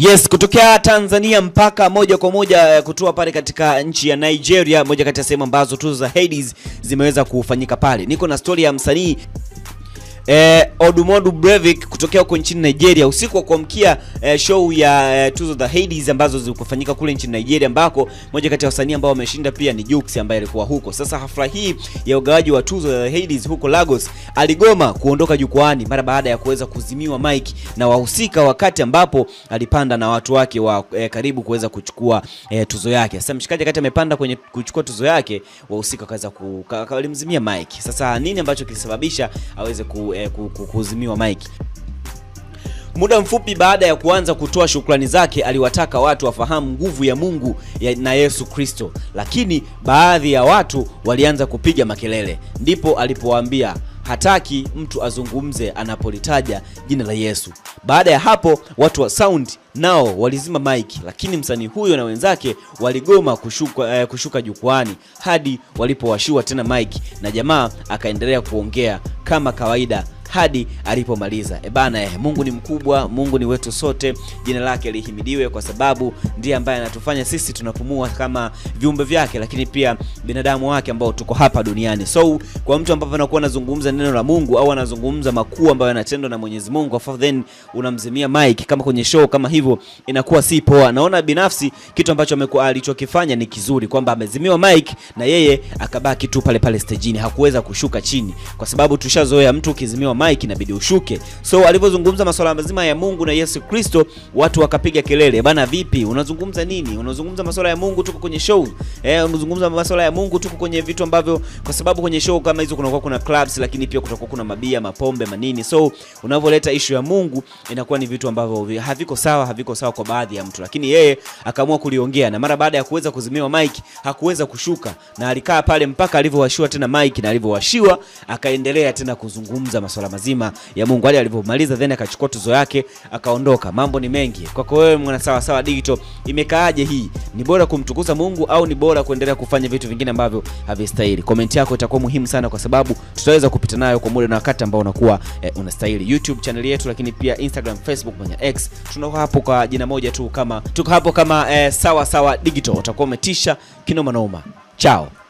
Yes, kutokea Tanzania mpaka moja kwa moja eh, kutoa pale katika nchi ya Nigeria, moja kati ya sehemu ambazo tuzo za Hades zimeweza kufanyika pale. Niko na stori ya msanii eh, Odumodu brevik kutokea huko nchini Nigeria usiku wa kuamkia eh, show ya eh, tuzo the Hades ambazo zilifanyika kule nchini Nigeria, ambako moja kati ya wasanii ambao wameshinda pia ni Jux ambaye alikuwa huko. Sasa hafla hii ya ugawaji wa tuzo the Hades huko Lagos, aligoma kuondoka jukwaani mara baada ya kuweza kuzimiwa mic na wahusika wakati ambapo alipanda na watu wake wa eh, karibu kuweza kuchukua eh, tuzo yake. Sasa mshikaji kati amepanda kwenye kuchukua tuzo yake, wahusika wakaweza walimzimia mic. Sasa nini ambacho kilisababisha aweze ku eh, kuzimiwa maiki. Muda mfupi baada ya kuanza kutoa shukrani zake, aliwataka watu wafahamu nguvu ya Mungu ya na Yesu Kristo, lakini baadhi ya watu walianza kupiga makelele. Ndipo alipowaambia hataki mtu azungumze anapolitaja jina la Yesu. Baada ya hapo, watu wa saund nao walizima maiki, lakini msanii huyo na wenzake waligoma kushuka, eh, kushuka jukwani hadi walipowashiwa tena mik na jamaa akaendelea kuongea kama kawaida hadi alipomaliza. E bana eh, Mungu ni mkubwa, Mungu ni wetu sote, jina lake lihimidiwe kwa sababu ndiye ambaye anatufanya sisi tunapumua kama viumbe vyake, lakini pia binadamu wake ambao tuko hapa duniani. So kwa mtu ambaye anakuwa anazungumza neno la Mungu au anazungumza makuu ambayo yanatendwa na Mwenyezi Mungu, afa then unamzimia mic kama kwenye show kama hivyo, inakuwa si poa. Naona binafsi kitu ambacho amekuwa alichokifanya ni kizuri, kwamba amezimiwa mic na yeye akabaki tu pale pale stejini, hakuweza kushuka chini, kwa sababu tushazoea mtu ukizimiwa mike inabidi ushuke. So alivyozungumza masuala mazima ya Mungu na Yesu Kristo, watu wakapiga kelele bana, vipi unazungumza nini? Unazungumza masuala ya Mungu, tuko kwenye show eh, unazungumza masuala ya Mungu, tuko kwenye vitu ambavyo, kwa sababu kwenye show kama hizo kunakuwa kuna clubs, lakini pia kutakuwa kuna mabia, mapombe, manini. So unavyoleta issue ya Mungu inakuwa ni vitu ambavyo haviko sawa, haviko sawa kwa baadhi ya mtu, lakini yeye akaamua kuliongea, na mara baada ya kuweza kuzimiwa mike hakuweza kushuka, na alikaa pale mpaka alivyowashiwa tena mike, na alivyowashiwa akaendelea tena kuzungumza masuala masuala mazima ya Mungu hadi alivyomaliza, then akachukua tuzo yake akaondoka. Mambo ni mengi kwako wewe mwana sawa sawa digital, imekaaje hii? Ni bora kumtukuza Mungu au ni bora kuendelea kufanya vitu vingine ambavyo havistahili? Comment yako itakuwa muhimu sana, kwa sababu tutaweza kupita nayo kwa muda na wakati ambao unakuwa eh, unastahili. YouTube channel yetu, lakini pia Instagram, Facebook na X, tunako hapo kwa jina moja tu kama tuko hapo kama eh, sawa sawa digital. Utakuwa umetisha kinoma noma. Chao.